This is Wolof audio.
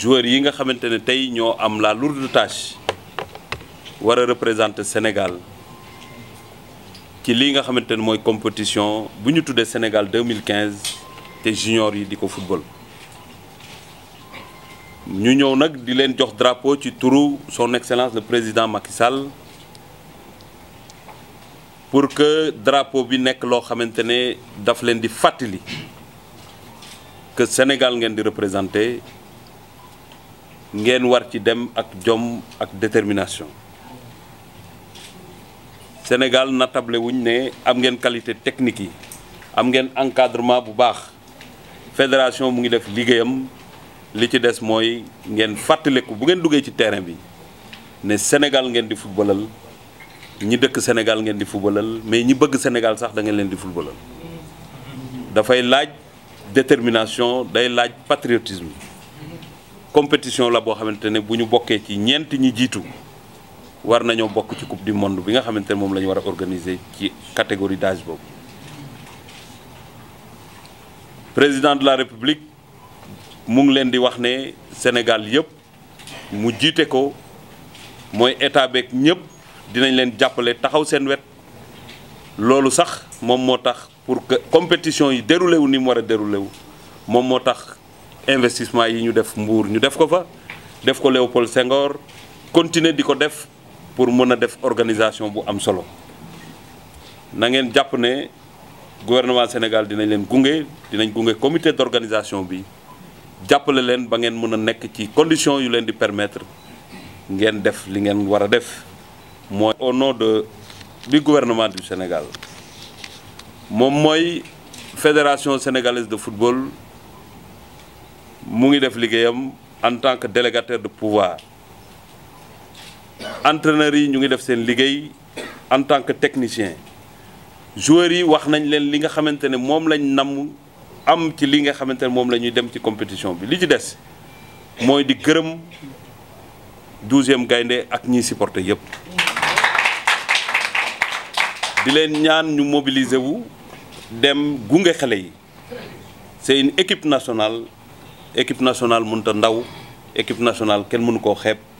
joueurs yi nga xamante ne tey ñoo am la lourde tâche war a représenter Sénégal ci lii nga xamante ne mooy compétition bu ñu tuddee Sénégal 2015 te junior yi di ko football ñu ñëw nag di leen jox drapo ci turu son excellence le président Macky Sall pour que drapo bi nekk loo xamante ne daf leen di fàttali que Sénégal ngeen di représenter ngeen war ci dem ak jom ak détermination Sénégal natable wuñ ne am ngeen qualité technique yi am ngeen encadrement bu baax fédération mu ngi def liggéeyam li ci des mooy ngeen fàttaliku bu ngeen duggee ci terrain bi ne Sénégal ngeen di footballal ñi dëkk Sénégal ngeen di footballal mais ñi bëgg Sénégal sax da ngeen leen di footballal dafay laaj détermination day laaj patriotisme compétition la boo xamante ne bu ñu bokkee ci ñeent ñi jiitu war nañoo bokk ci coupe du monde bi nga xamante ne moom la ñu war a organiser ci catégorie d'âge boobu président de la république mu ngi leen di wax ne Sénégal yëpp mu jiite ko mooy état beeg ñëpp dinañ leen jàppale taxaw seen wet loolu sax moom moo tax pour que compétition yi déroulé wu ni mu war a déroulé wu moom moo tax investissement yi ñu def Mbour ñu def ko fa def ko Léopold Senghor continuer di ko def pour mën a def organisation bu am solo na ngeen jàpp ne gouvernement Sénégal dinañ leen gunge dinañ gunge comité d'organisation bi jàppale leen ba ngeen mën a nekk ci conditions yu leen di permettre ngeen def li ngeen war a def mooy au nom de bi gouvernement du Sénégal moom mooy fédération sénégalaise de football mu ngi def liggéeyam en tant que délégataire de pouvoir entraîneurs yi ñu ngi def seen liggéey en tant que technicien joueurs yi wax nañ leen li nga xamante ne moom lañ namm am ci li nga xamante ne moom la ñuy dem ci compétition bi li ci des mooy di gërëm douzième gaynde ak ñiy supporter yépp di leen ñaan ñu mobiliser wu dem gunge xale yi c'est une équipe nationale équipe nationale mënut a ndaw équipe nationale kenn mënu koo xeeb